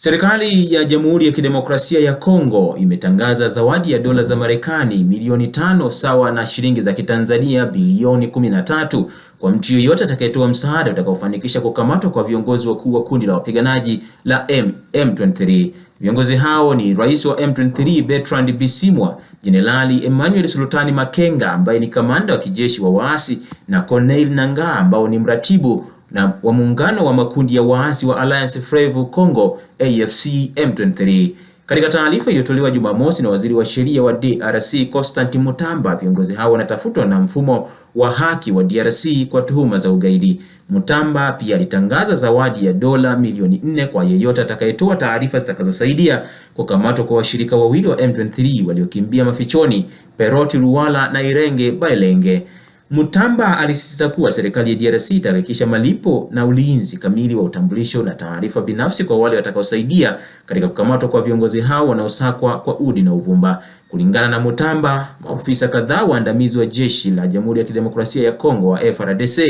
Serikali ya Jamhuri ya Kidemokrasia ya Kongo imetangaza zawadi ya dola za Marekani milioni tano sawa na shilingi za Kitanzania bilioni 13 kwa mtu yeyote atakayetoa msaada utakaofanikisha kukamatwa kwa viongozi wakuu wa kundi la wapiganaji la M23. Viongozi hao ni Rais wa M23 Bertrand Bisimwa, Jenerali Emmanuel Sultani Makenga ambaye ni kamanda wa kijeshi wa waasi na Corneille Nangaa ambao ni mratibu na wa muungano wa makundi ya waasi wa Alliance Fleuve Congo AFC M23. Katika taarifa iliyotolewa Jumamosi na waziri wa sheria wa DRC Constant Mutamba, viongozi hao wanatafutwa na mfumo wa haki wa DRC kwa tuhuma za ugaidi. Mutamba pia alitangaza zawadi ya dola milioni nne kwa yeyote atakayetoa taarifa zitakazosaidia kukamatwa kwa washirika wawili wa M23 waliokimbia mafichoni, peroti Luwala na Irenge Bailenge. Mutamba alisisitiza kuwa serikali ya DRC itahakikisha malipo na ulinzi kamili wa utambulisho na taarifa binafsi kwa wale watakaosaidia katika kukamatwa kwa viongozi hao wanaosakwa kwa udi na uvumba. Kulingana na Mutamba, maofisa kadhaa waandamizi wa jeshi la Jamhuri ya Kidemokrasia ya Kongo wa frdc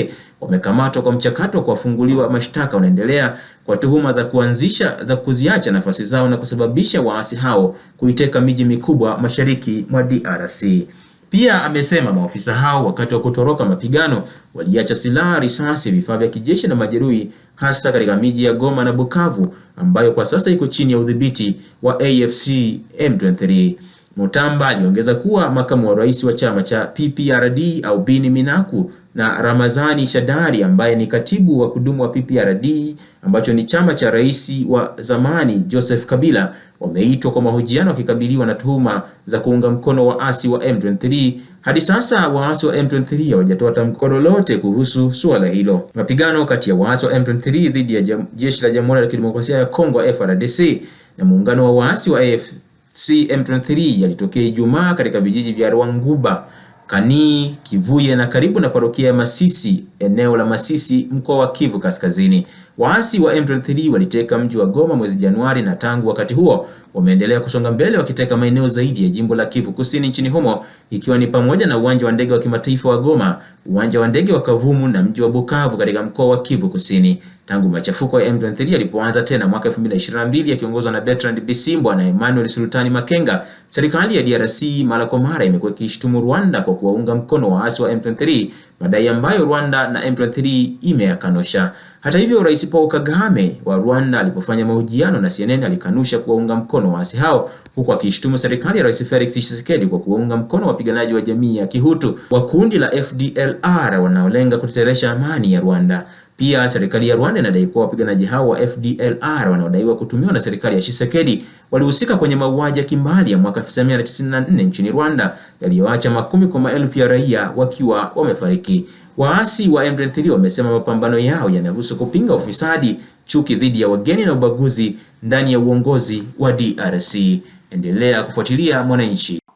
wamekamatwa kwa mchakato wa kuwafunguliwa mashtaka unaendelea kwa tuhuma za kuanzisha za kuziacha nafasi zao na kusababisha waasi hao kuiteka miji mikubwa mashariki mwa DRC. Pia amesema maofisa hao wakati wa kutoroka mapigano waliacha silaha, risasi, vifaa vya kijeshi na majeruhi, hasa katika miji ya Goma na Bukavu ambayo kwa sasa iko chini ya udhibiti wa AFC M23. Mutamba aliongeza kuwa makamu wa rais wa chama cha PPRD aubini Minaku na Ramazani Shadari ambaye ni katibu wa kudumu wa PPRD ambacho ni chama cha rais wa zamani Joseph Kabila wameitwa kwa mahojiano wakikabiliwa na tuhuma za kuunga mkono waasi wa M23. Hadi sasa waasi wa M23 hawajatoa tamko lolote kuhusu suala hilo. Mapigano kati ya waasi wa M23 dhidi ya jeshi la Jamhuri ya Kidemokrasia ya Kongo frdc na muungano wa waasi wa AFC CM23 yalitokea Ijumaa katika vijiji vya Rwanguba, Kanii, Kivuye na karibu na parokia ya Masisi, eneo la Masisi, mkoa wa Kivu Kaskazini. Waasi wa M23 waliteka mji wa Goma mwezi Januari na tangu wakati huo wameendelea kusonga mbele wakiteka maeneo zaidi ya jimbo la Kivu Kusini nchini humo ikiwa ni pamoja na uwanja wa ndege wa kimataifa wa Goma, uwanja wa ndege wa Kavumu na mji wa Bukavu katika mkoa wa Kivu Kusini. Tangu machafuko ya M23 yalipoanza tena mwaka 2022 yakiongozwa na Bertrand Bisimbo na Emmanuel Sultani Makenga, serikali ya DRC mara kwa mara imekuwa ikishtumu Rwanda kwa kuwaunga mkono waasi wa M23, madai ambayo Rwanda na M23 imeyakanusha. Hata hivyo, Rais Paul Kagame wa Rwanda alipofanya mahojiano na CNN alikanusha kuwaunga mkono waasi hao huku akishtumu serikali ya Rais Felix Tshisekedi kwa kuwaunga mkono wapiganaji wa jamii ya Kihutu wa kundi la FDLR wanaolenga kuteteresha amani ya Rwanda. Pia serikali ya Rwanda inadai kuwa wapiganaji hao wa FDLR wanaodaiwa kutumiwa na serikali ya Tshisekedi walihusika kwenye mauaji ya kimbali ya mwaka 1994 nchini Rwanda yaliyoacha makumi kwa maelfu ya raia wakiwa wamefariki. Waasi wa M23 wamesema mapambano yao yanahusu kupinga ufisadi, chuki dhidi ya wageni na ubaguzi ndani ya uongozi wa DRC. Endelea kufuatilia Mwananchi.